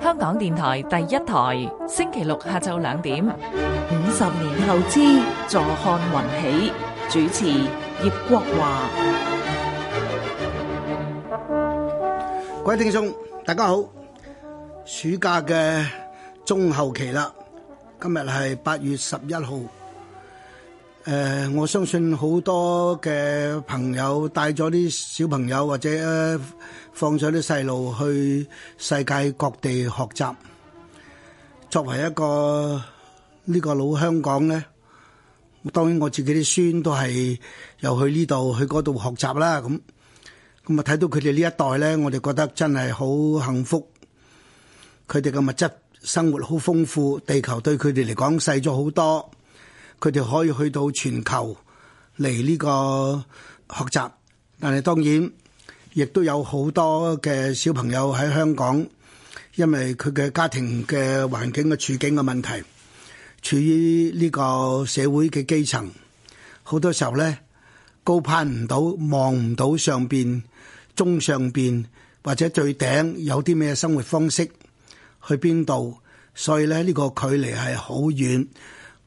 香港電台第一台，星期六下晝兩點。五十年後之，坐看雲起。主持：葉國華。各位聽眾，大家好。暑假嘅中後期啦，今日係八月十一號。誒、呃，我相信好多嘅朋友帶咗啲小朋友，或者、呃、放咗啲細路去世界各地學習，作為一個呢、呢個老香港咧，當然我自己啲孫都係又去呢度去嗰度學習啦。咁咁啊，睇到佢哋呢一代咧，我哋覺得真係好幸福。佢哋嘅物質生活好豐富，地球對佢哋嚟講細咗好多。佢哋可以去到全球嚟呢個學習，但係當然亦都有好多嘅小朋友喺香港，因為佢嘅家庭嘅環境嘅處境嘅問題，處於呢個社會嘅基層，好多時候咧高攀唔到，望唔到上邊、中上邊或者最頂有啲咩生活方式，去邊度，所以咧呢個距離係好遠。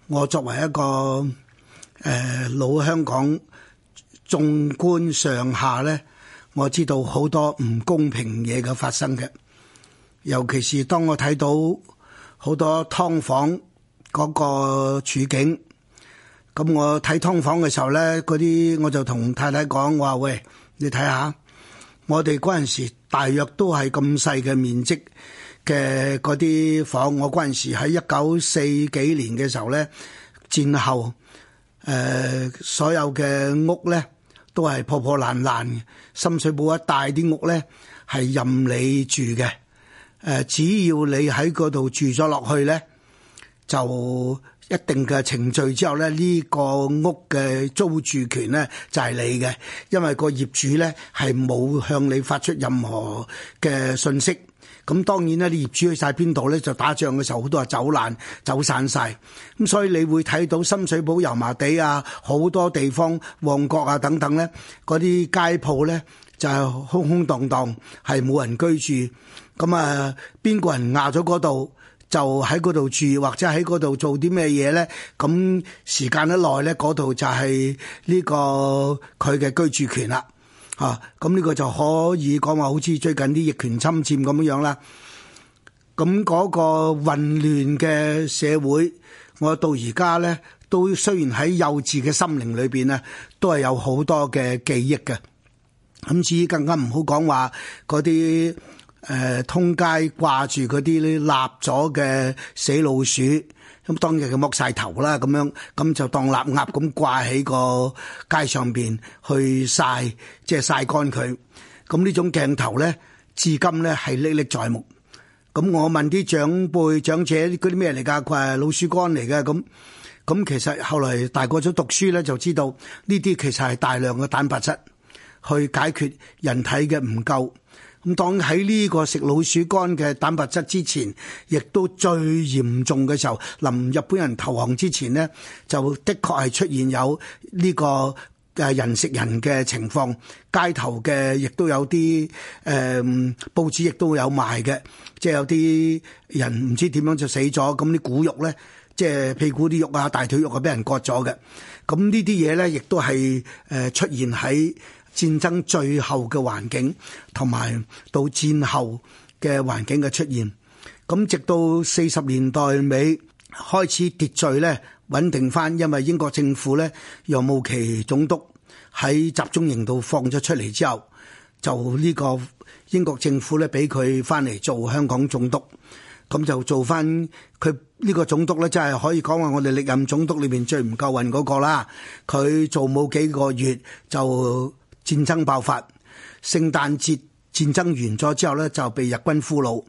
我作為一個誒、呃、老香港，縱觀上下咧，我知道好多唔公平嘢嘅發生嘅，尤其是當我睇到好多劏房嗰個處境，咁我睇劏房嘅時候咧，嗰啲我就同太太講，我話喂，你睇下，我哋嗰陣時大約都係咁細嘅面積。嘅嗰啲房，我嗰陣時喺一九四幾年嘅時候咧，戰後誒、呃、所有嘅屋咧都係破破爛爛，深水埗一帶啲屋咧係任你住嘅，誒、呃、只要你喺嗰度住咗落去咧，就一定嘅程序之後咧，呢、這個屋嘅租住權咧就係、是、你嘅，因為個業主咧係冇向你發出任何嘅信息。咁當然咧，你業主去晒邊度咧，就打仗嘅時候好多係走爛、走散晒。咁所以你會睇到深水埗油麻地啊，好多地方旺角啊等等咧，嗰啲街鋪咧就係空空蕩蕩，係冇人居住。咁、嗯、啊，邊個人壓咗嗰度就喺嗰度住，或者喺嗰度做啲咩嘢咧？咁時間一耐咧，嗰度就係呢、這個佢嘅居住權啦。吓，咁呢、啊，這個就可以講話，好似最近啲逆權侵佔咁樣樣啦。咁、那、嗰個混亂嘅社會，我到而家咧都雖然喺幼稚嘅心靈裏邊咧，都係有好多嘅記憶嘅。咁至於更加唔好講話嗰啲誒，通街掛住嗰啲咧立咗嘅死老鼠。咁當日佢剝晒頭啦，咁樣咁就當臘鴨咁掛喺個街上邊去晒，即係曬乾佢。咁呢種鏡頭咧，至今咧係歷歷在目。咁我問啲長輩長者嗰啲咩嚟噶？誒，老鼠乾嚟嘅咁。咁其實後來大個咗讀書咧，就知道呢啲其實係大量嘅蛋白質，去解決人體嘅唔夠。咁當喺呢個食老鼠乾嘅蛋白質之前，亦都最嚴重嘅時候，臨日本人投降之前呢，就的確係出現有呢個誒人食人嘅情況，街頭嘅亦都有啲誒、呃、報紙亦都有賣嘅，即係有啲人唔知點樣就死咗，咁啲骨肉咧，即係屁股啲肉啊、大腿肉啊，俾人割咗嘅，咁呢啲嘢咧，亦都係誒出現喺戰爭最後嘅環境，同埋到戰後嘅環境嘅出現，咁直到四十年代尾開始秩序咧穩定翻，因為英國政府咧楊慕琦總督喺集中營度放咗出嚟之後，就呢個英國政府咧俾佢翻嚟做香港總督，咁就做翻佢呢個總督咧，真係可以講話我哋歷任總督裏邊最唔夠運嗰個啦。佢做冇幾個月就。戰爭爆發，聖誕節戰爭完咗之後呢，就被日軍俘虜。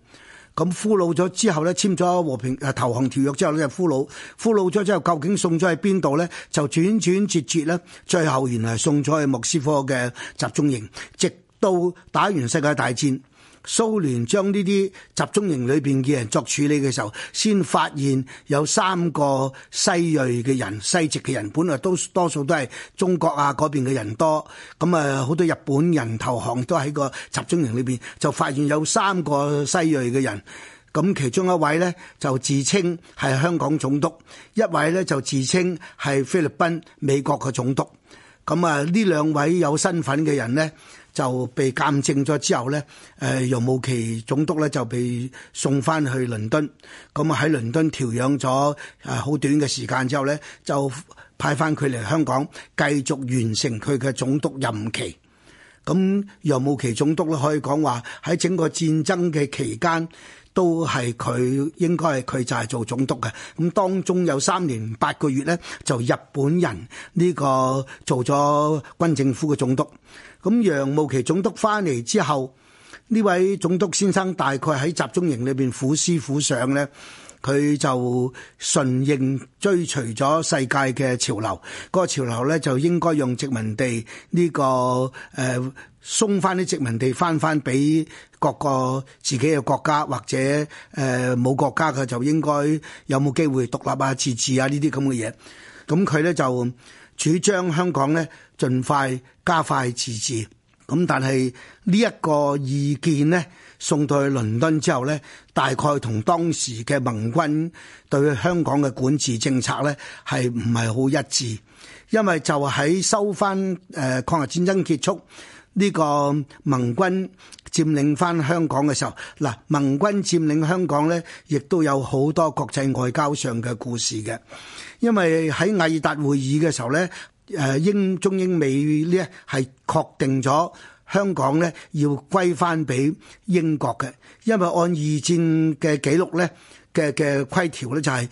咁俘虜咗之後呢，簽咗和平誒投降條約之後呢，就俘虜。俘虜咗之後，究竟送咗去邊度呢？就轉轉折折呢。最後原來送咗去莫斯科嘅集中營，直到打完世界大戰。蘇聯將呢啲集中營裏邊嘅人作處理嘅時候，先發現有三個西裔嘅人、西籍嘅人，本來都多數都係中國啊嗰邊嘅人多，咁啊好多日本人投降都喺個集中營裏邊，就發現有三個西裔嘅人，咁、嗯、其中一位呢，就自稱係香港總督，一位呢，就自稱係菲律賓、美國嘅總督，咁啊呢兩位有身份嘅人呢。就被監證咗之後呢，誒楊慕琦總督咧就被送翻去倫敦，咁喺倫敦調養咗誒好短嘅時間之後呢，就派翻佢嚟香港繼續完成佢嘅總督任期。咁楊慕琦總督咧可以講話喺整個戰爭嘅期間。都係佢應該係佢就係做總督嘅，咁當中有三年八個月呢，就日本人呢、呢個做咗軍政府嘅總督，咁楊慕琦總督翻嚟之後，呢位總督先生大概喺集中營裏邊苦思苦想呢。佢就順應追隨咗世界嘅潮流，個潮流咧就應該用殖民地呢個誒鬆翻啲殖民地翻翻俾各個自己嘅國家，或者誒冇國家嘅就應該有冇機會獨立啊、自治啊呢啲咁嘅嘢。咁佢咧就主張香港咧盡快加快自治。咁但係呢一個意見咧，送到去倫敦之後呢，大概同當時嘅盟軍對香港嘅管治政策呢係唔係好一致？因為就喺收翻誒抗日戰爭結束呢個盟軍佔領翻香港嘅時候，嗱，盟軍佔領香港呢亦都有好多國際外交上嘅故事嘅。因為喺雅爾達會議嘅時候呢誒英中英美呢係確定咗。香港呢要歸翻俾英國嘅，因為按二戰嘅記錄呢嘅嘅規條呢，就係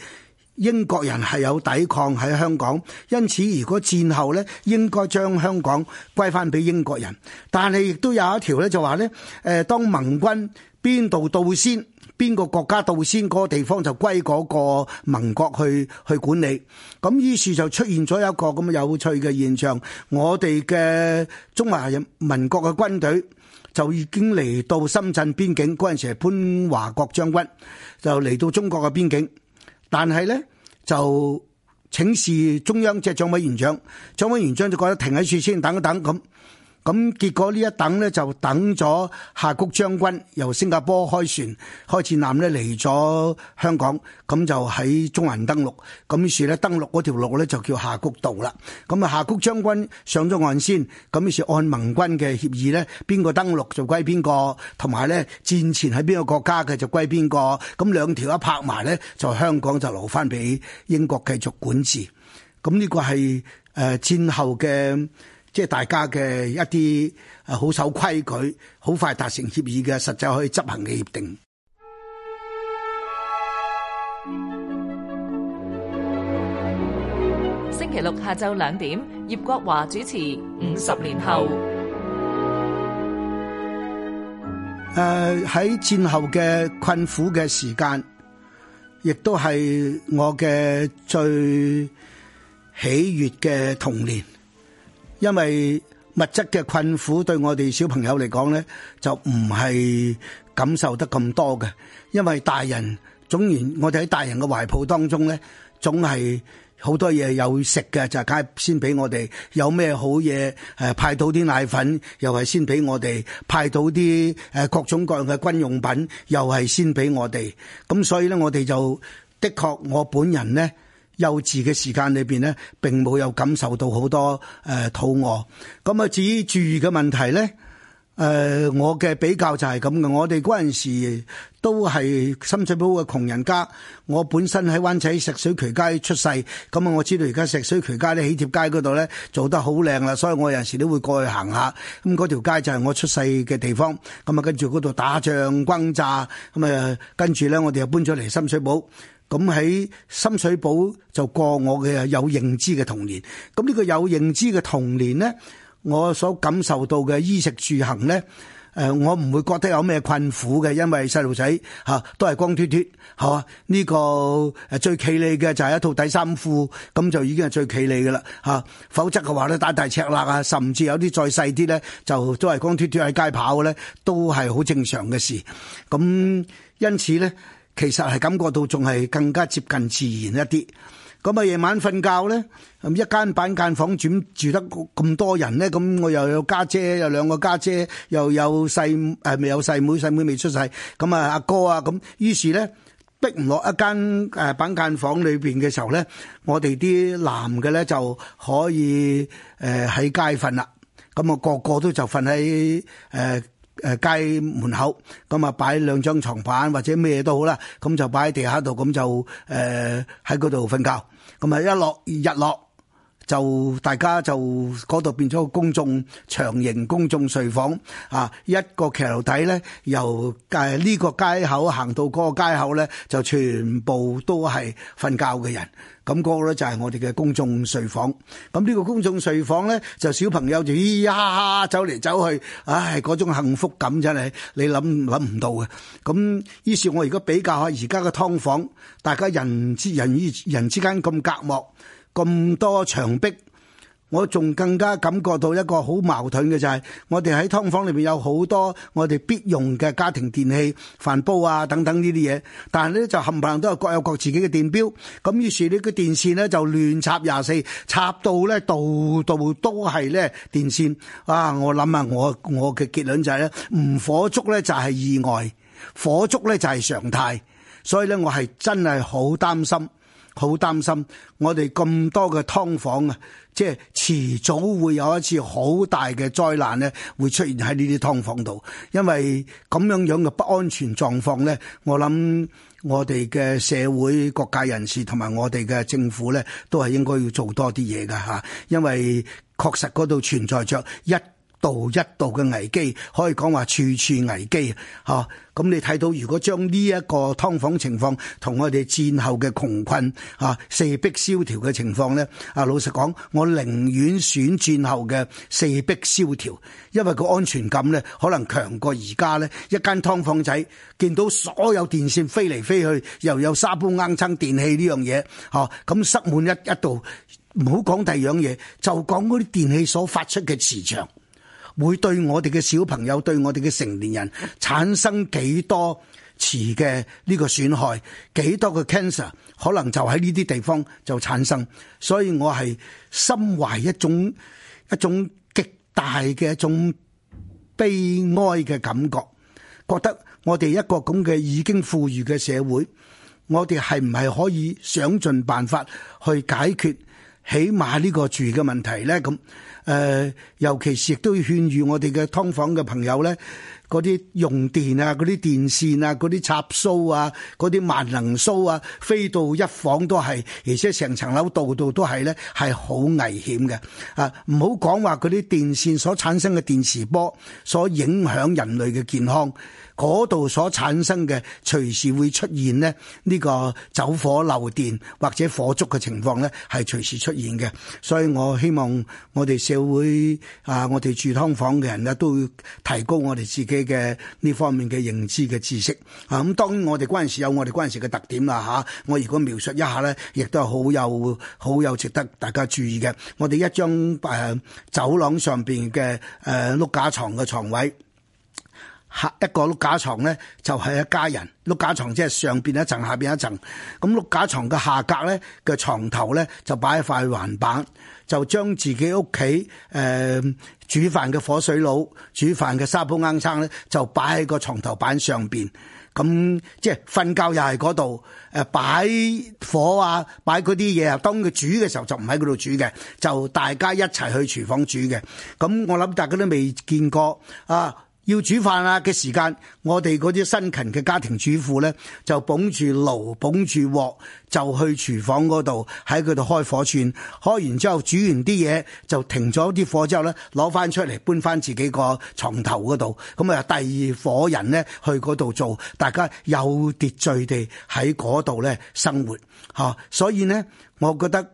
英國人係有抵抗喺香港，因此如果戰後呢，應該將香港歸翻俾英國人，但係亦都有一條呢，就話呢：「誒當盟軍。邊度到先？邊個國家到先？嗰個地方就歸嗰個民國去去管理。咁於是就出現咗一個咁嘅有趣嘅現象。我哋嘅中華民國嘅軍隊就已經嚟到深圳邊境嗰陣時，係潘華國將軍就嚟到中國嘅邊境，但係呢，就請示中央即係蔣委員長，蔣委員長就覺得停喺處先，等等咁。咁結果呢一等呢就等咗夏谷將軍由新加坡開船，開戰艦呢嚟咗香港，咁就喺中環登陸，咁於是咧登陸嗰條路咧就叫夏谷道啦。咁啊夏谷將軍上咗岸先，咁於是按盟軍嘅協議咧，邊個登陸就歸邊個，同埋咧戰前喺邊個國家嘅就歸邊個，咁兩條一拍埋咧，就香港就留翻俾英國繼續管治。咁呢個係誒、呃、戰後嘅。即係大家嘅一啲，誒，好守規矩，好快達成協議嘅，實際可以執行嘅協定。星期六下晝兩點，葉國華主持《五十年後》。誒喺、呃、戰後嘅困苦嘅時間，亦都係我嘅最喜悅嘅童年。因為物質嘅困苦對我哋小朋友嚟講咧，就唔係感受得咁多嘅。因為大人總然我哋喺大人嘅懷抱當中咧，總係好多嘢有食嘅，就係、是、先俾我哋有咩好嘢，誒、呃、派到啲奶粉，又係先俾我哋派到啲誒各種各樣嘅軍用品，又係先俾我哋。咁所以咧，我哋就的確我本人咧。幼稚嘅時間裏邊呢，並冇有感受到好多誒、呃、肚餓。咁啊，至於住嘅問題呢，誒、呃、我嘅比較就係咁嘅。我哋嗰陣時都係深水埗嘅窮人家。我本身喺灣仔石水渠街出世，咁、嗯、啊，我知道而家石水渠街呢，喜帖街嗰度呢，做得好靚啦，所以我有陣時都會過去行下。咁、嗯、嗰條街就係我出世嘅地方。咁、嗯、啊，跟住嗰度打仗轟炸。咁、嗯、啊，跟住呢，我哋又搬咗嚟深水埗。咁喺深水埗就過我嘅有認知嘅童年。咁、這、呢個有認知嘅童年呢，我所感受到嘅衣食住行呢，誒，我唔會覺得有咩困苦嘅，因為細路仔嚇都係光脫脫嚇。呢、啊這個誒最企理嘅就係一套底衫褲，咁就已經係最企理噶啦嚇。否則嘅話咧，打大赤肋啊，甚至有啲再細啲呢，就都係光脫脫喺街跑咧，都係好正常嘅事。咁、啊、因此呢。其實係感覺到仲係更加接近自然一啲，咁啊夜晚瞓覺咧，一間板間房住住得咁多人咧，咁我又有家姐，有兩個家姐，又有細誒未有細妹，細妹未出世，咁啊阿哥啊咁，於是咧逼唔落一間誒板間房裏邊嘅時候咧，我哋啲男嘅咧就可以誒喺街瞓啦，咁啊個個都就瞓喺誒。誒街門口，咁啊擺兩張床板或者咩都好啦，咁就擺喺地下度，咁就誒喺嗰度瞓覺。咁啊一落日落，就大家就嗰度變咗個公眾長形公眾睡房啊！一個騎樓底咧，由誒呢個街口行到嗰個街口咧，就全部都係瞓覺嘅人。咁嗰個咧就係我哋嘅公眾睡房，咁呢個公眾睡房咧就小朋友就嘻嘻哈哈走嚟走去，唉，嗰種幸福感真係你諗諗唔到嘅。咁於是，我而家比較下而家嘅劏房，大家人之人與人之間咁隔膜，咁多牆壁。我仲更加感覺到一個好矛盾嘅就係，我哋喺劏房裏邊有好多我哋必用嘅家庭電器、飯煲啊等等呢啲嘢，但係咧就冚唪唥都係各有各自己嘅電表，咁於是呢個電線咧就亂插廿四，插到咧度度都係咧電線。啊，我諗啊，我我嘅結論就係咧，唔火燭咧就係意外，火燭咧就係常態，所以咧我係真係好擔心。好擔心，我哋咁多嘅劏房啊，即係遲早會有一次好大嘅災難咧，會出現喺呢啲劏房度。因為咁樣樣嘅不安全狀況咧，我諗我哋嘅社會各界人士同埋我哋嘅政府咧，都係應該要做多啲嘢㗎吓，因為確實嗰度存在着一。度一度嘅危機，可以講話處處危機嚇。咁、啊嗯、你睇到，如果將呢一個劏房情況同我哋戰後嘅窮困嚇、四、啊、壁蕭條嘅情況呢，啊，老實講，我寧願選戰後嘅四壁蕭條，因為個安全感呢可能強過而家呢一間劏房仔見到所有電線飛嚟飛去，又有沙煲罌罉電器呢樣嘢嚇，咁、啊嗯、塞滿一一度，唔好講第二樣嘢，就講嗰啲電器所發出嘅磁場。會對我哋嘅小朋友，對我哋嘅成年人產生幾多次嘅呢個損害？幾多嘅 cancer 可能就喺呢啲地方就產生？所以我係心懷一種一種極大嘅一種悲哀嘅感覺，覺得我哋一個咁嘅已經富裕嘅社會，我哋係唔係可以想盡辦法去解決？起碼呢個住嘅問題咧，咁、呃、誒，尤其是亦都要勸喻我哋嘅㓥房嘅朋友咧。嗰啲用電啊，嗰啲電線啊，啲插蘇啊，啲萬能蘇啊，飛到一房都係，而且成層樓度度都係咧，係好危險嘅。啊，唔好講話嗰啲電線所產生嘅電磁波，所影響人類嘅健康。嗰度所產生嘅隨時會出現咧，呢、呢個走火漏電或者火燭嘅情況咧，係隨時出現嘅。所以我希望我哋社會啊，我哋住劏房嘅人咧，都會提高我哋自己。嘅呢方面嘅認知嘅知識啊，咁當然我哋嗰陣時有我哋嗰陣時嘅特點啦吓、啊，我如果描述一下咧，亦都係好有好有值得大家注意嘅。我哋一張誒、呃、走廊上邊嘅誒碌架床，嘅床位，下一個碌架床咧就係、是、一家人碌架床，即係上邊一層下邊一層。咁碌架床嘅下格咧嘅床頭咧就擺一塊橫板。就將自己屋企誒煮飯嘅火水爐、煮飯嘅沙煲罌罉咧，就擺喺個床頭板上邊。咁、嗯、即係瞓覺又係嗰度誒擺火啊，擺嗰啲嘢啊。當佢煮嘅時候就唔喺嗰度煮嘅，就大家一齊去廚房煮嘅。咁、嗯、我諗大家都未見過啊！要煮飯啊嘅時間，我哋嗰啲辛勤嘅家庭主婦呢，就捧住爐，捧住鑊，就去廚房嗰度喺佢度開火串，開完之後煮完啲嘢，就停咗啲火之後呢，攞翻出嚟搬翻自己個床頭嗰度，咁啊第二伙人呢，去嗰度做，大家有秩序地喺嗰度呢生活，吓，啊，所以呢，我覺得。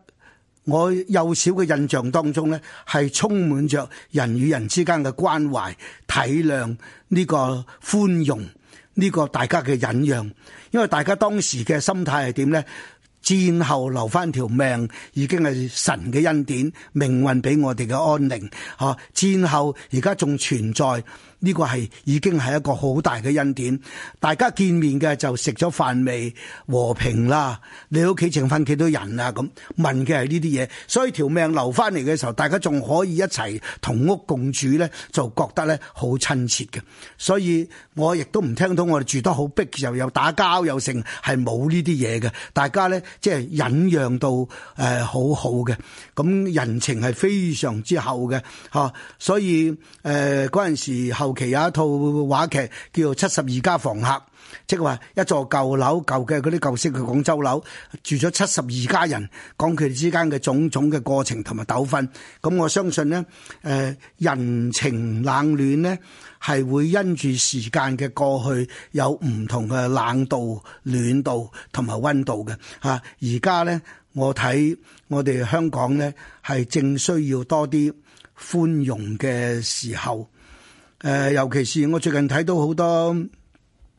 我幼小嘅印象當中呢，係充滿着人與人之間嘅關懷、體諒呢個寬容，呢個大家嘅忍讓。因為大家當時嘅心態係點呢？戰後留翻條命已經係神嘅恩典，命運俾我哋嘅安寧。吓，戰後而家仲存在。呢個係已經係一個好大嘅恩典，大家見面嘅就食咗飯未和平啦。你屋企剩翻幾多人啊？咁問嘅係呢啲嘢，所以條命留翻嚟嘅時候，大家仲可以一齊同屋共住咧，就覺得咧好親切嘅。所以我亦都唔聽到我哋住得好逼又又打交又成，係冇呢啲嘢嘅。大家咧即係忍讓到誒、呃、好好嘅，咁人情係非常之厚嘅吓，所以誒嗰陣、呃、時候。尤其有一套話劇，叫做《七十二家房客》，即係話一座舊樓、舊嘅嗰啲舊式嘅廣州樓，住咗七十二家人，講佢哋之間嘅種種嘅過程同埋糾紛。咁我相信咧，誒，人情冷暖咧係會因住時間嘅過去有唔同嘅冷度、暖度同埋溫度嘅吓。而家咧，我睇我哋香港咧係正需要多啲寬容嘅時候。誒、呃，尤其是我最近睇到好多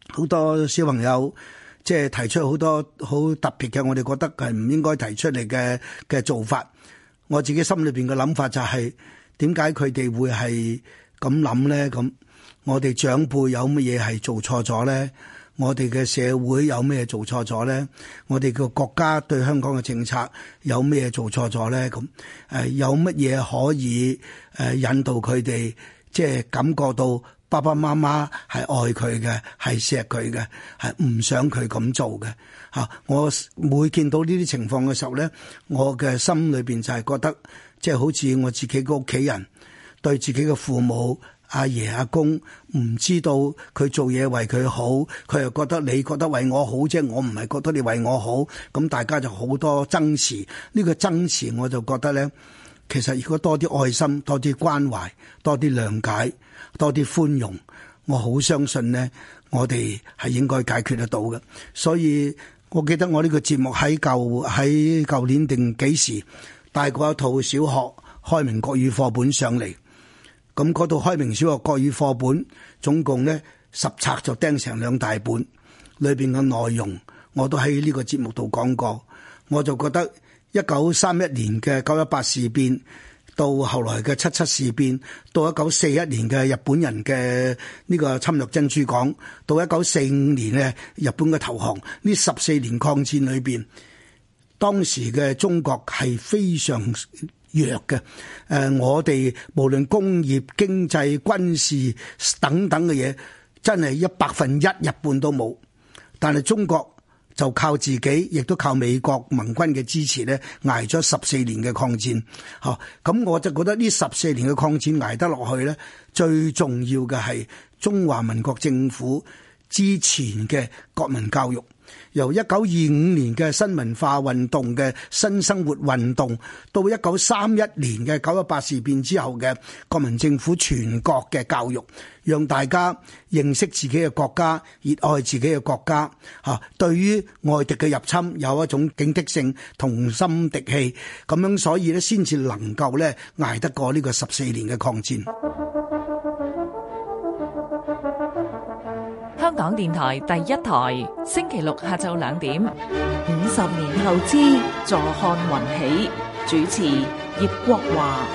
好多小朋友，即係提出好多好特別嘅，我哋覺得係唔應該提出嚟嘅嘅做法。我自己心裏邊嘅諗法就係、是，點解佢哋會係咁諗咧？咁我哋長輩有乜嘢係做錯咗咧？我哋嘅社會有咩做錯咗咧？我哋嘅國家對香港嘅政策有咩做錯咗咧？咁誒、呃，有乜嘢可以誒、呃、引導佢哋？即係感覺到爸爸媽媽係愛佢嘅，係錫佢嘅，係唔想佢咁做嘅。嚇、啊！我每見到呢啲情況嘅時候咧，我嘅心裏邊就係覺得，即係好似我自己個屋企人對自己嘅父母阿爺阿公，唔知道佢做嘢為佢好，佢又覺得你覺得為我好，即係我唔係覺得你為我好，咁、嗯、大家就好多爭持。呢、這個爭持我就覺得咧。其實，如果多啲愛心、多啲關懷、多啲諒解、多啲寬容，我好相信呢，我哋係應該解決得到嘅。所以我記得我呢個節目喺舊喺舊年定幾時帶過一套小學開明國語課本上嚟。咁嗰套開明小學國語課本總共呢十冊就釘成兩大本，裏邊嘅內容我都喺呢個節目度講過，我就覺得。一九三一年嘅九一八事變，到後來嘅七七事變，到一九四一年嘅日本人嘅呢個侵略珍珠港，到一九四五年咧日本嘅投降，呢十四年抗戰裏邊，當時嘅中國係非常弱嘅。誒，我哋無論工業、經濟、軍事等等嘅嘢，真係一百分一日本都冇。但係中國。就靠自己，亦都靠美國盟軍嘅支持咧，挨咗十四年嘅抗戰吓，咁我就覺得呢十四年嘅抗戰挨得落去咧，最重要嘅係中華民國政府之前嘅國民教育。由一九二五年嘅新文化運動嘅新生活運動，到一九三一年嘅九一八事變之後嘅國民政府全國嘅教育，讓大家認識自己嘅國家，熱愛自己嘅國家，吓對於外敵嘅入侵有一種警惕性同心敵氣，咁樣所以咧先至能夠咧捱得過呢個十四年嘅抗戰。港電台第一台，星期六下晝兩點，五十年後之，坐看雲起，主持葉國華。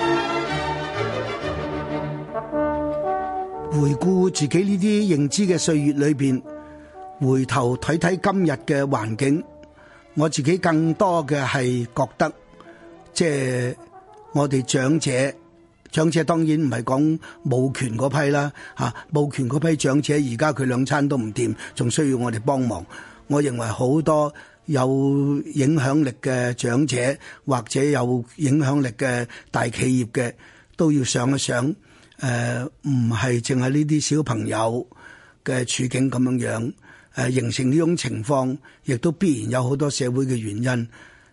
回顧自己呢啲認知嘅歲月裏邊，回頭睇睇今日嘅環境，我自己更多嘅係覺得，即係我哋長者。長者當然唔係講冇權嗰批啦，吓、啊、冇權嗰批長者而家佢兩餐都唔掂，仲需要我哋幫忙。我認為好多有影響力嘅長者或者有影響力嘅大企業嘅都要想一想，誒，唔係淨係呢啲小朋友嘅處境咁樣樣，誒、呃、形成呢種情況，亦都必然有好多社會嘅原因。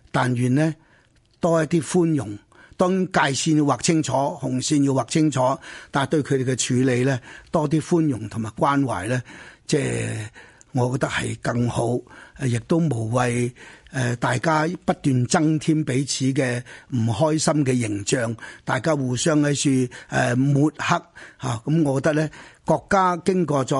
但願呢，多一啲寬容。當界線要劃清楚，紅線要劃清楚，但係對佢哋嘅處理咧，多啲寬容同埋關懷咧，即係我覺得係更好，誒，亦都無謂誒、呃、大家不斷增添彼此嘅唔開心嘅形象，大家互相喺處誒、呃、抹黑嚇，咁、啊嗯、我覺得咧。國家經過咗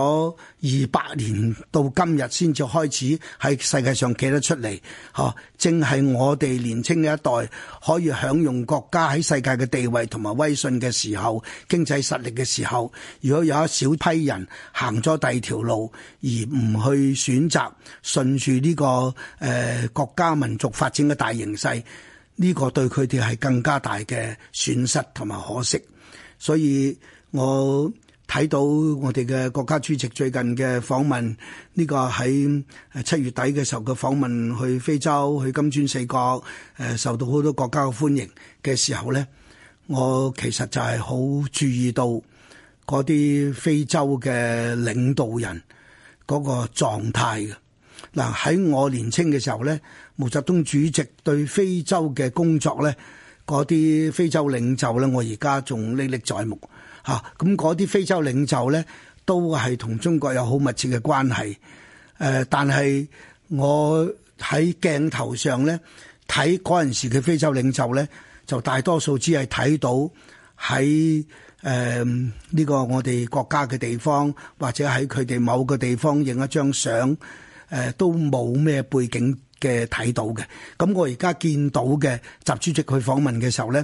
二百年到今日，先至開始喺世界上企得出嚟，嗬！正係我哋年青嘅一代可以享用國家喺世界嘅地位同埋威信嘅時候，經濟實力嘅時候，如果有一小批人行咗第二條路而唔去選擇順住呢個誒、呃、國家民族發展嘅大形勢，呢個對佢哋係更加大嘅損失同埋可惜。所以我。睇到我哋嘅國家主席最近嘅訪問，呢、這個喺七月底嘅時候嘅訪問去非洲、去金磚四國，誒、呃、受到好多國家嘅歡迎嘅時候咧，我其實就係好注意到嗰啲非洲嘅領導人嗰個狀態嘅。嗱、啊、喺我年青嘅時候咧，毛澤東主席對非洲嘅工作咧，嗰啲非洲領袖咧，我而家仲歷歷在目。嚇，咁嗰啲非洲領袖咧，都係同中國有好密切嘅關係。誒、呃，但係我喺鏡頭上咧睇嗰陣時嘅非洲領袖咧，就大多數只係睇到喺誒呢個我哋國家嘅地方，或者喺佢哋某個地方影一張相，誒、呃、都冇咩背景嘅睇到嘅。咁、嗯、我而家見到嘅習主席去訪問嘅時候咧。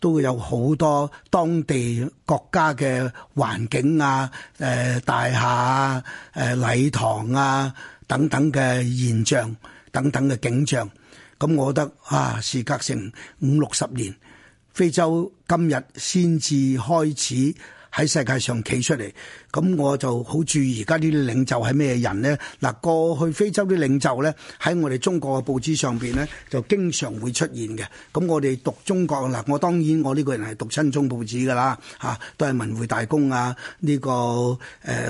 都會有好多當地國家嘅環境啊、誒、呃、大廈啊、誒、呃、禮堂啊等等嘅現象，等等嘅景象。咁我覺得啊，時隔成五六十年，非洲今日先至開始，喺世界上企出嚟，咁我就好注意而家呢啲領袖係咩人呢？嗱，過去非洲啲領袖咧，喺我哋中國嘅報紙上邊咧，就經常會出現嘅。咁我哋讀中國嗱，我當然我呢個人係讀親中報紙噶啦，嚇都係文匯大公啊，呢個誒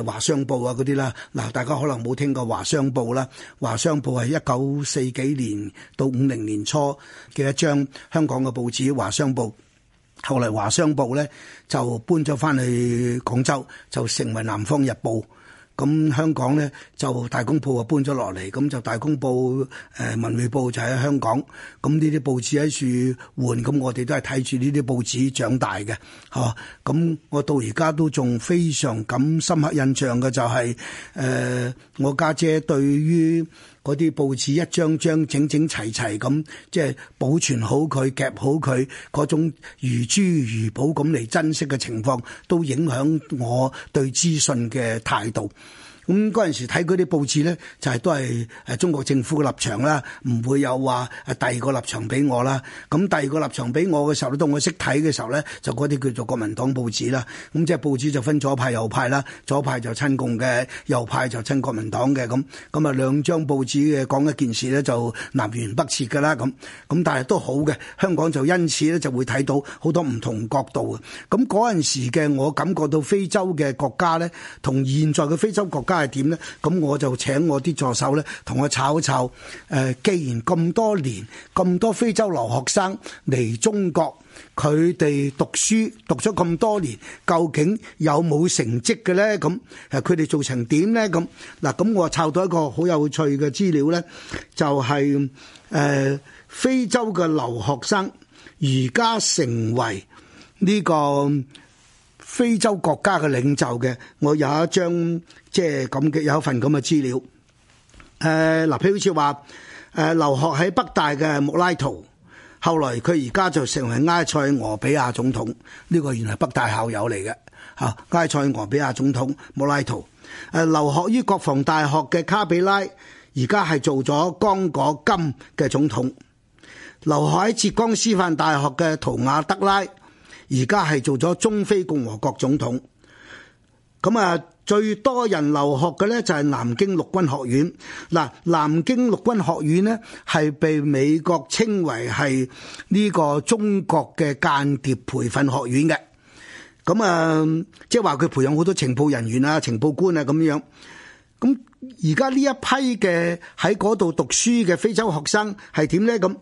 華商報啊嗰啲啦。嗱，大家可能冇聽過華商報啦，華商報係一九四幾年到五零年初嘅一張香港嘅報紙，華商報。後嚟華商報咧就搬咗翻去廣州，就成為南方日報。咁香港咧就大公報啊搬咗落嚟，咁就大公報、誒、呃、文匯報就喺香港。咁呢啲報紙喺處換，咁我哋都係睇住呢啲報紙長大嘅。嚇、啊，咁我到而家都仲非常咁深刻印象嘅就係、是、誒、呃、我家姐，姐對於嗰啲報紙一張張整整齊齊咁，即係保存好佢、夾好佢嗰種如珠如寶咁嚟珍惜嘅情況，都影響我對資訊嘅態度。咁嗰陣時睇嗰啲報紙咧，就係、是、都係誒中國政府嘅立場啦，唔會有話誒第二個立場俾我啦。咁第二個立場俾我嘅時候咧，當我識睇嘅時候咧，就嗰啲叫做國民黨報紙啦。咁即係報紙就分左派右派啦，左派就親共嘅，右派就親國民黨嘅咁。咁啊兩張報紙嘅講一件事咧，就南轅北轍噶啦咁。咁但係都好嘅，香港就因此咧就會睇到好多唔同角度嘅。咁嗰陣時嘅我感覺到非洲嘅國家咧，同現在嘅非洲國。而家係點咧？咁我就請我啲助手咧，同我抄一抄。誒，既然咁多年咁多非洲留學生嚟中國，佢哋讀書讀咗咁多年，究竟有冇成績嘅咧？咁誒，佢哋做成點咧？咁嗱，咁我抄到一個好有趣嘅資料咧，就係誒非洲嘅留學生而家成為呢個。非洲國家嘅領袖嘅，我有一張即係咁嘅有一份咁嘅資料。誒，嗱，譬如好似話誒，留學喺北大嘅穆拉圖，後來佢而家就成為埃塞俄比亞總統，呢個原來北大校友嚟嘅吓。埃塞俄比亞總統穆拉圖，誒，留學於國防大學嘅卡比拉，而家係做咗剛果金嘅總統。留學喺浙江師範大學嘅圖亞德拉。而家係做咗中非共和國總統，咁啊最多人留學嘅咧就係南京陸軍學院。嗱，南京陸軍學院呢係被美國稱為係呢個中國嘅間諜培訓學院嘅，咁啊即係話佢培養好多情報人員啊、情報官啊咁樣。咁而家呢一批嘅喺嗰度讀書嘅非洲學生係點咧？咁？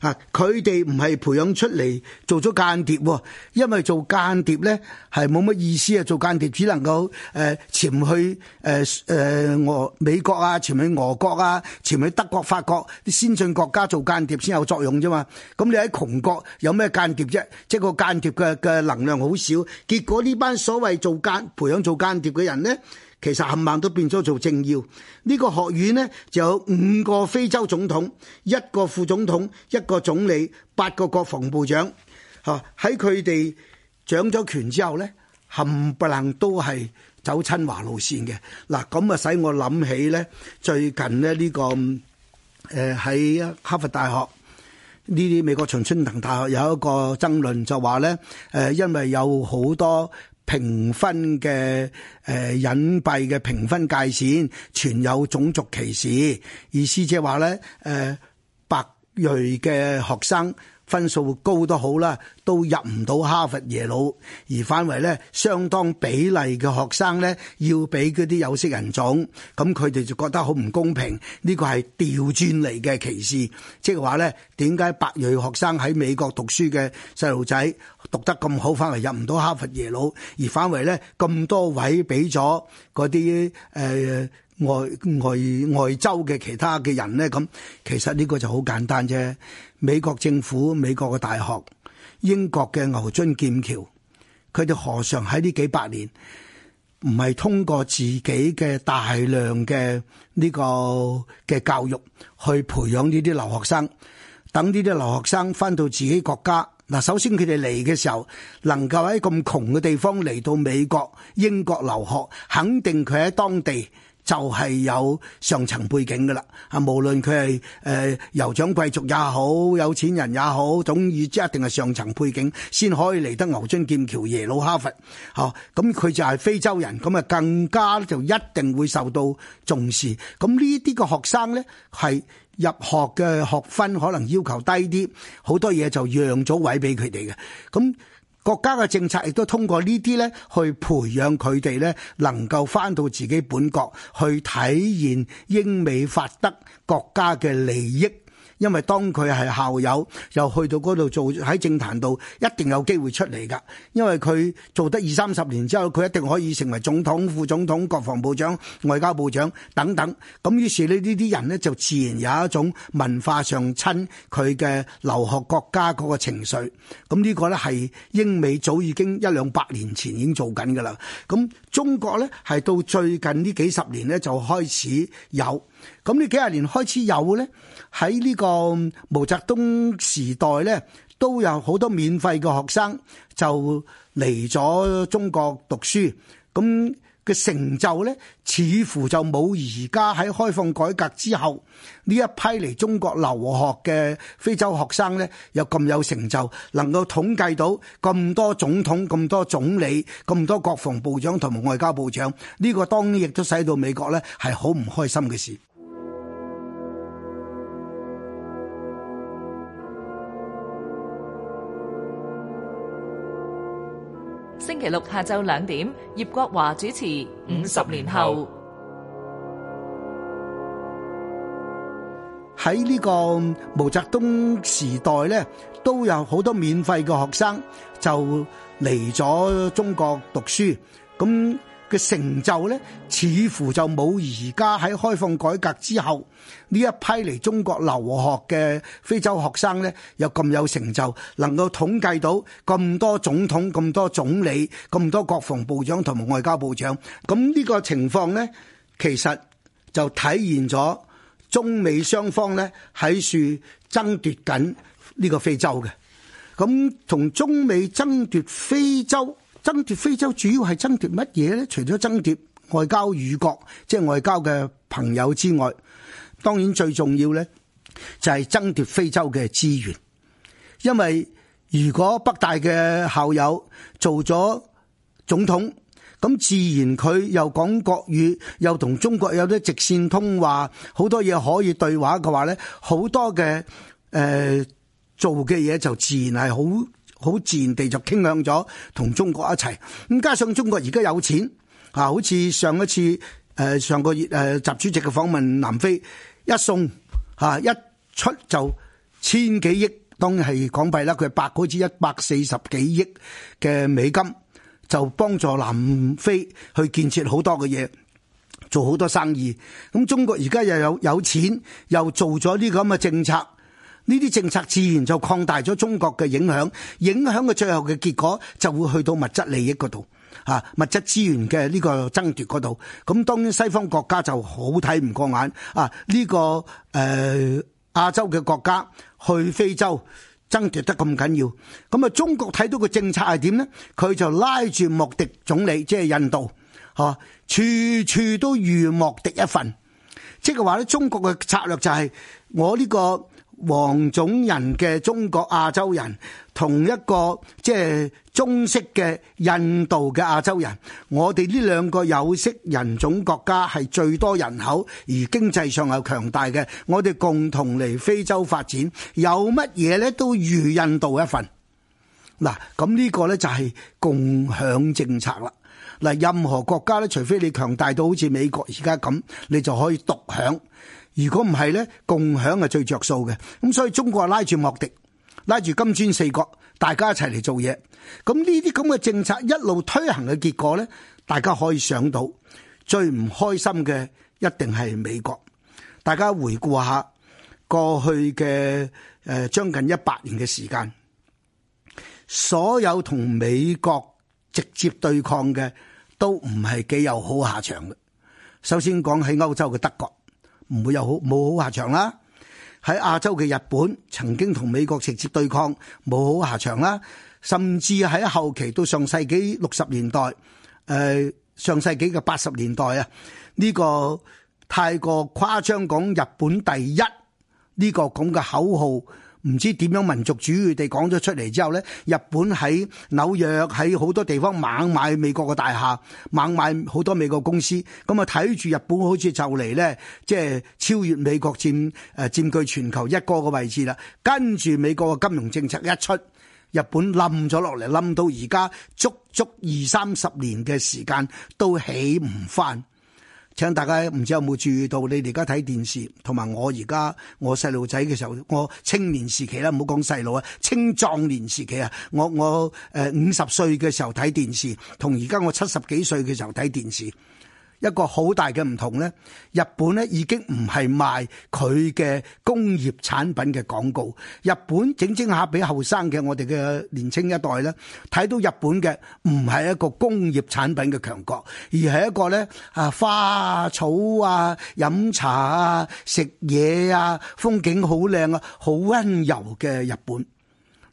啊！佢哋唔係培養出嚟做咗間諜喎，因為做間諜咧係冇乜意思啊！做間諜只能夠誒、呃、潛去誒誒、呃、俄美國啊，潛去俄國啊，潛去德國、法國啲先進國家做間諜先有作用啫嘛。咁你喺窮國有咩間諜啫？即係個間諜嘅嘅能量好少。結果呢班所謂做間培養做間諜嘅人咧。其實冚唪唥都變咗做政要，呢個學院呢就有五個非洲總統、一個副總統、一個總理、八個國防部長，嚇喺佢哋掌咗權之後呢，冚唪唥都係走親華路線嘅。嗱，咁啊使我諗起呢，最近呢呢個誒喺哈佛大學呢啲美國常春藤大學有一個爭論，就話呢誒，因為有好多。評分嘅誒隱蔽嘅評分界線存有種族歧視，意思即係話咧誒白裔嘅學生。分數高得好啦，都入唔到哈佛耶魯，而反為咧相當比例嘅學生咧要俾嗰啲有色人種，咁佢哋就覺得好唔公平，呢個係調轉嚟嘅歧視，即係話咧，點解白裔學生喺美國讀書嘅細路仔讀得咁好，翻嚟入唔到哈佛耶魯，而反為咧咁多位俾咗嗰啲誒。呃外外外州嘅其他嘅人咧，咁其實呢個就好簡單啫。美國政府、美國嘅大學、英國嘅牛津劍橋，佢哋何嘗喺呢幾百年唔係通過自己嘅大量嘅呢個嘅教育去培養呢啲留學生，等呢啲留學生翻到自己國家嗱。首先佢哋嚟嘅時候能夠喺咁窮嘅地方嚟到美國英國留學，肯定佢喺當地。就係有上層背景噶啦，啊，無論佢係誒酋長貴族也好，有錢人也好，總以之一定係上層背景先可以嚟得牛津劍橋耶魯哈佛，嚇、哦，咁、嗯、佢就係非洲人，咁啊更加就一定會受到重視。咁呢啲嘅學生咧，係入學嘅學分可能要求低啲，好多嘢就讓咗位俾佢哋嘅，咁、嗯。國家嘅政策亦都通過呢啲咧，去培養佢哋咧，能夠翻到自己本國去體現英美法德國家嘅利益。因為當佢係校友，又去到嗰度做喺政壇度，一定有機會出嚟噶。因為佢做得二三十年之後，佢一定可以成為總統、副總統、國防部長、外交部長等等。咁於是呢，呢啲人呢，就自然有一種文化上親佢嘅留學國家嗰個情緒。咁、嗯、呢、呢個呢，係英美早已經一兩百年前已經做緊噶啦。咁、嗯、中國呢，係到最近呢幾十年呢，就開始有。咁、嗯、呢幾十年開始有呢。喺呢個毛澤東時代咧，都有好多免費嘅學生就嚟咗中國讀書，咁嘅成就咧，似乎就冇而家喺開放改革之後呢一批嚟中國留學嘅非洲學生咧，又咁有成就，能夠統計到咁多總統、咁多總理、咁多國防部長同埋外交部長，呢個當然亦都使到美國咧係好唔開心嘅事。星期六下晝兩點，葉國華主持《五十年後》。喺呢個毛澤東時代咧，都有好多免費嘅學生就嚟咗中國讀書，咁嘅成就呢，似乎就冇而家喺開放改革之後呢一批嚟中國留學嘅非洲學生呢，又咁有成就，能夠統計到咁多總統、咁多總理、咁多國防部長同埋外交部長。咁呢個情況呢，其實就體現咗中美雙方呢喺樹爭奪緊呢個非洲嘅。咁同中美爭奪非洲。爭奪非洲主要係爭奪乜嘢咧？除咗爭奪外交與國，即係外交嘅朋友之外，當然最重要咧，就係、是、爭奪非洲嘅資源。因為如果北大嘅校友做咗總統，咁自然佢又講國語，又同中國有啲直線通話，好多嘢可以對話嘅話咧，好多嘅誒、呃、做嘅嘢就自然係好。好自然地就傾向咗同中國一齊，咁加上中國而家有錢啊，好似上一次誒、呃、上個月誒、呃、習主席嘅訪問南非，一送嚇、啊、一出就千幾億，當然係港幣啦，佢係百好似一百四十幾億嘅美金，就幫助南非去建設好多嘅嘢，做好多生意。咁中國而家又有有錢，又做咗啲咁嘅政策。呢啲政策自然就擴大咗中國嘅影響，影響嘅最後嘅結果就會去到物質利益嗰度，啊物質資源嘅呢個爭奪嗰度。咁當然西方國家就好睇唔過眼，啊呢個誒亞洲嘅國家去非洲爭奪得咁緊要，咁啊中國睇到個政策係點呢？佢就拉住莫迪總理，即係印度，吓，處處都預莫迪一份，即係話咧，中國嘅策略就係我呢個。黃種人嘅中國亞洲人，同一個即係棕色嘅印度嘅亞洲人，我哋呢兩個有色人種國家係最多人口而經濟上又強大嘅，我哋共同嚟非洲發展，有乜嘢呢都預印度一份。嗱，咁呢個呢就係共享政策啦。嗱，任何國家呢，除非你強大到好似美國而家咁，你就可以獨享。如果唔係咧，共享係最着數嘅。咁所以中國啊，拉住莫迪，拉住金磚四國，大家一齊嚟做嘢。咁呢啲咁嘅政策一路推行嘅結果咧，大家可以想到最唔開心嘅一定係美國，大家回顧下過去嘅誒，將近一百年嘅時間，所有同美國直接對抗嘅都唔係幾有好下場嘅。首先講喺歐洲嘅德國。唔會有好冇好下場啦、啊。喺亞洲嘅日本曾經同美國直接對抗，冇好下場啦、啊。甚至喺後期到上世紀六十年代，誒、呃、上世紀嘅八十年代啊，呢、這個太過誇張講日本第一呢、這個咁嘅口號。唔知點樣民族主義地講咗出嚟之後咧，日本喺紐約喺好多地方猛買美國嘅大廈，猛買好多美國公司，咁啊睇住日本好似就嚟咧，即係超越美國佔誒、呃、佔據全球一哥嘅位置啦。跟住美國嘅金融政策一出，日本冧咗落嚟，冧到而家足足二三十年嘅時間都起唔翻。請大家唔知有冇注意到，你哋而家睇電視，同埋我而家我細路仔嘅時候，我青年時期啦，唔好講細路啊，青壯年時期啊，我我誒五十歲嘅時候睇電視，同而家我七十幾歲嘅時候睇電視。一個好大嘅唔同咧，日本咧已經唔係賣佢嘅工業產品嘅廣告。日本整整下俾後生嘅我哋嘅年青一代咧，睇到日本嘅唔係一個工業產品嘅強國，而係一個咧啊花草啊飲茶啊食嘢啊風景好靚啊好温柔嘅日本。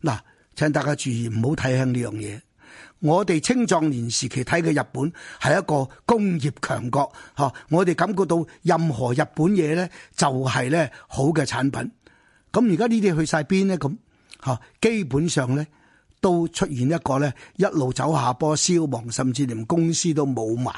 嗱，請大家注意，唔好睇向呢樣嘢。我哋青壯年時期睇嘅日本係一個工業強國，吓我哋感覺到任何日本嘢咧就係咧好嘅產品。咁而家呢啲去晒邊咧咁，吓基本上咧都出現一個咧一路走下坡消亡，甚至連公司都冇埋。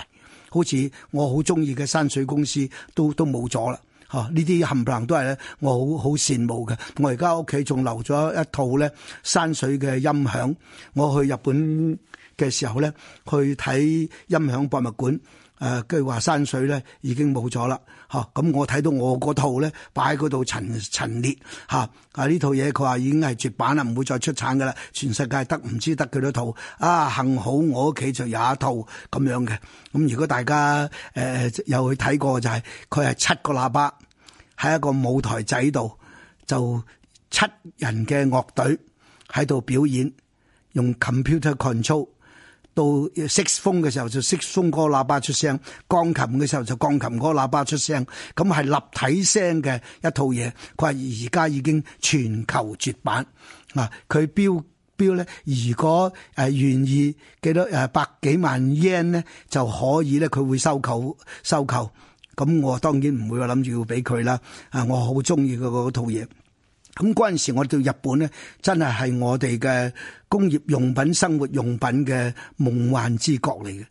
好似我好中意嘅山水公司都都冇咗啦。嚇！呢啲冚唪唥都係咧，我好好羨慕嘅。我而家屋企仲留咗一套咧山水嘅音響。我去日本嘅時候咧，去睇音響博物館。誒，佢話山水咧已經冇咗啦，嚇！咁我睇到我嗰套咧擺喺嗰度陳陳列嚇，啊呢套嘢佢話已經係絕版啦，唔會再出產㗎喇，全世界得唔知得幾多套，啊幸好我屋企就有一套咁樣嘅。咁如果大家誒、呃、有去睇過就係佢係七個喇叭喺一個舞台仔度，就七人嘅樂隊喺度表演，用 computer control。到釋風嘅時候就釋風嗰個喇叭出聲，鋼琴嘅時候就鋼琴嗰喇叭出聲，咁係立體聲嘅一套嘢。佢話而家已經全球絕版啊，佢、啊、標標咧，如果誒、呃、願意幾多誒、啊、百幾萬 yen 咧，就可以咧，佢會收購收購。咁我當然唔會話諗住要俾佢啦。啊，我好中意佢嗰套嘢。咁嗰陣時，我哋對日本咧，真係係我哋嘅工業用品、生活用品嘅夢幻之國嚟嘅。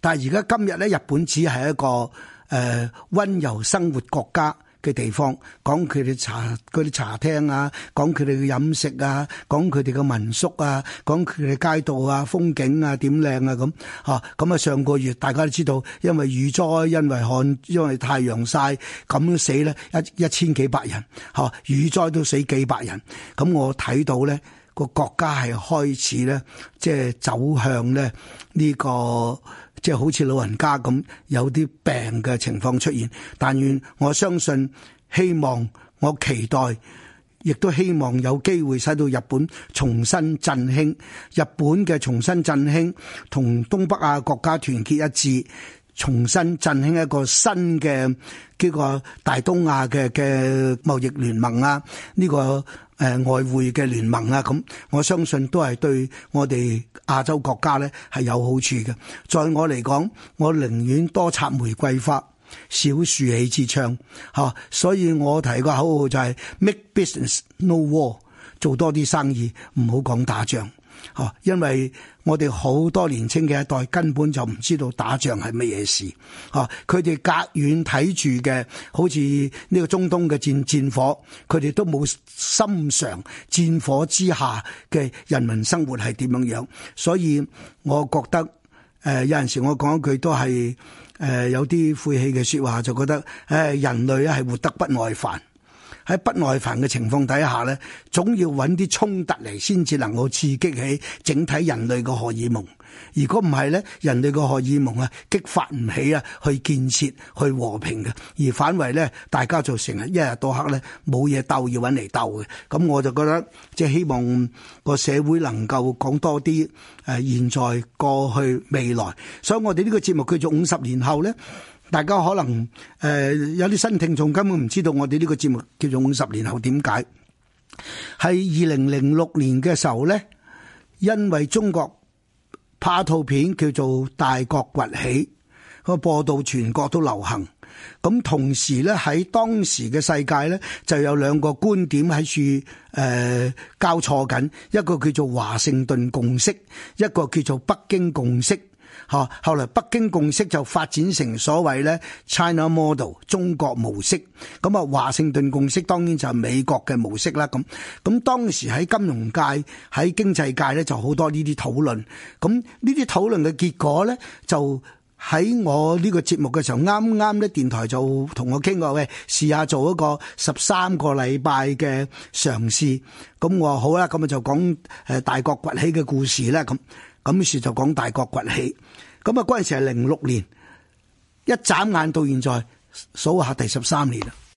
但係而家今日咧，日本只係一個誒、呃、溫柔生活國家。嘅地方，講佢哋茶啲茶廳啊，講佢哋嘅飲食啊，講佢哋嘅民宿啊，講佢哋街道啊，風景啊點靚啊咁嚇，咁啊、嗯嗯、上個月大家都知道，因為雨災，因為旱，因為太陽曬咁死咧，一一千幾百人嚇、嗯，雨災都死幾百人，咁、嗯、我睇到咧、呢個國家係開始咧，即、就、係、是、走向咧呢、呢個。即係好似老人家咁有啲病嘅情況出現，但願我相信，希望我期待，亦都希望有機會使到日本重新振興，日本嘅重新振興同東北亞國家團結一致，重新振興一個新嘅呢個大東亞嘅嘅貿易聯盟啊，呢個。誒、呃、外匯嘅聯盟啊，咁我相信都係對我哋亞洲國家咧係有好處嘅。在我嚟講，我寧願多插玫瑰花，少樹起支槍嚇、啊。所以我提個口號就係 Make business no war，做多啲生意，唔好講打仗。哦，因為我哋好多年青嘅一代根本就唔知道打仗係乜嘢事，哦、啊，佢哋隔遠睇住嘅，好似呢個中東嘅戰戰火，佢哋都冇心嘗戰火之下嘅人民生活係點樣樣，所以我覺得誒、呃、有陣時我講一句都係誒、呃、有啲晦氣嘅說話，就覺得誒、呃、人類係活得不耐煩。喺不耐煩嘅情況底下咧，總要揾啲衝突嚟先至能夠刺激起整體人類嘅荷爾蒙。如果唔係咧，人類嘅荷爾蒙啊，激發唔起啊，去建設、去和平嘅，而反為咧，大家就成日一日到黑咧冇嘢鬥要揾嚟鬥嘅。咁我就覺得，即係希望個社會能夠講多啲誒現在、過去、未來。所以我哋呢個節目叫做「五十年後」咧。大家可能誒、呃、有啲新聽眾根本唔知道我哋呢個節目叫做五十年後點解？係二零零六年嘅時候咧，因為中國拍套片叫做《大國崛起》，個播到全國都流行。咁同時咧，喺當時嘅世界咧，就有兩個觀點喺處誒交錯緊，一個叫做華盛頓共識，一個叫做北京共識。吓，後來北京共識就發展成所謂咧 China Model 中國模式，咁啊華盛頓共識當然就係美國嘅模式啦。咁咁當時喺金融界、喺經濟界咧就好多呢啲討論。咁呢啲討論嘅結果咧，就喺我呢個節目嘅時候，啱啱咧電台就同我傾過，喂，試下做一個十三個禮拜嘅嘗試。咁我話好啦，咁咪就講誒大國崛起嘅故事啦。咁咁於是就講大國崛起。咁啊，嗰陣時係零六年，一眨眼到現在，數下第十三年啦。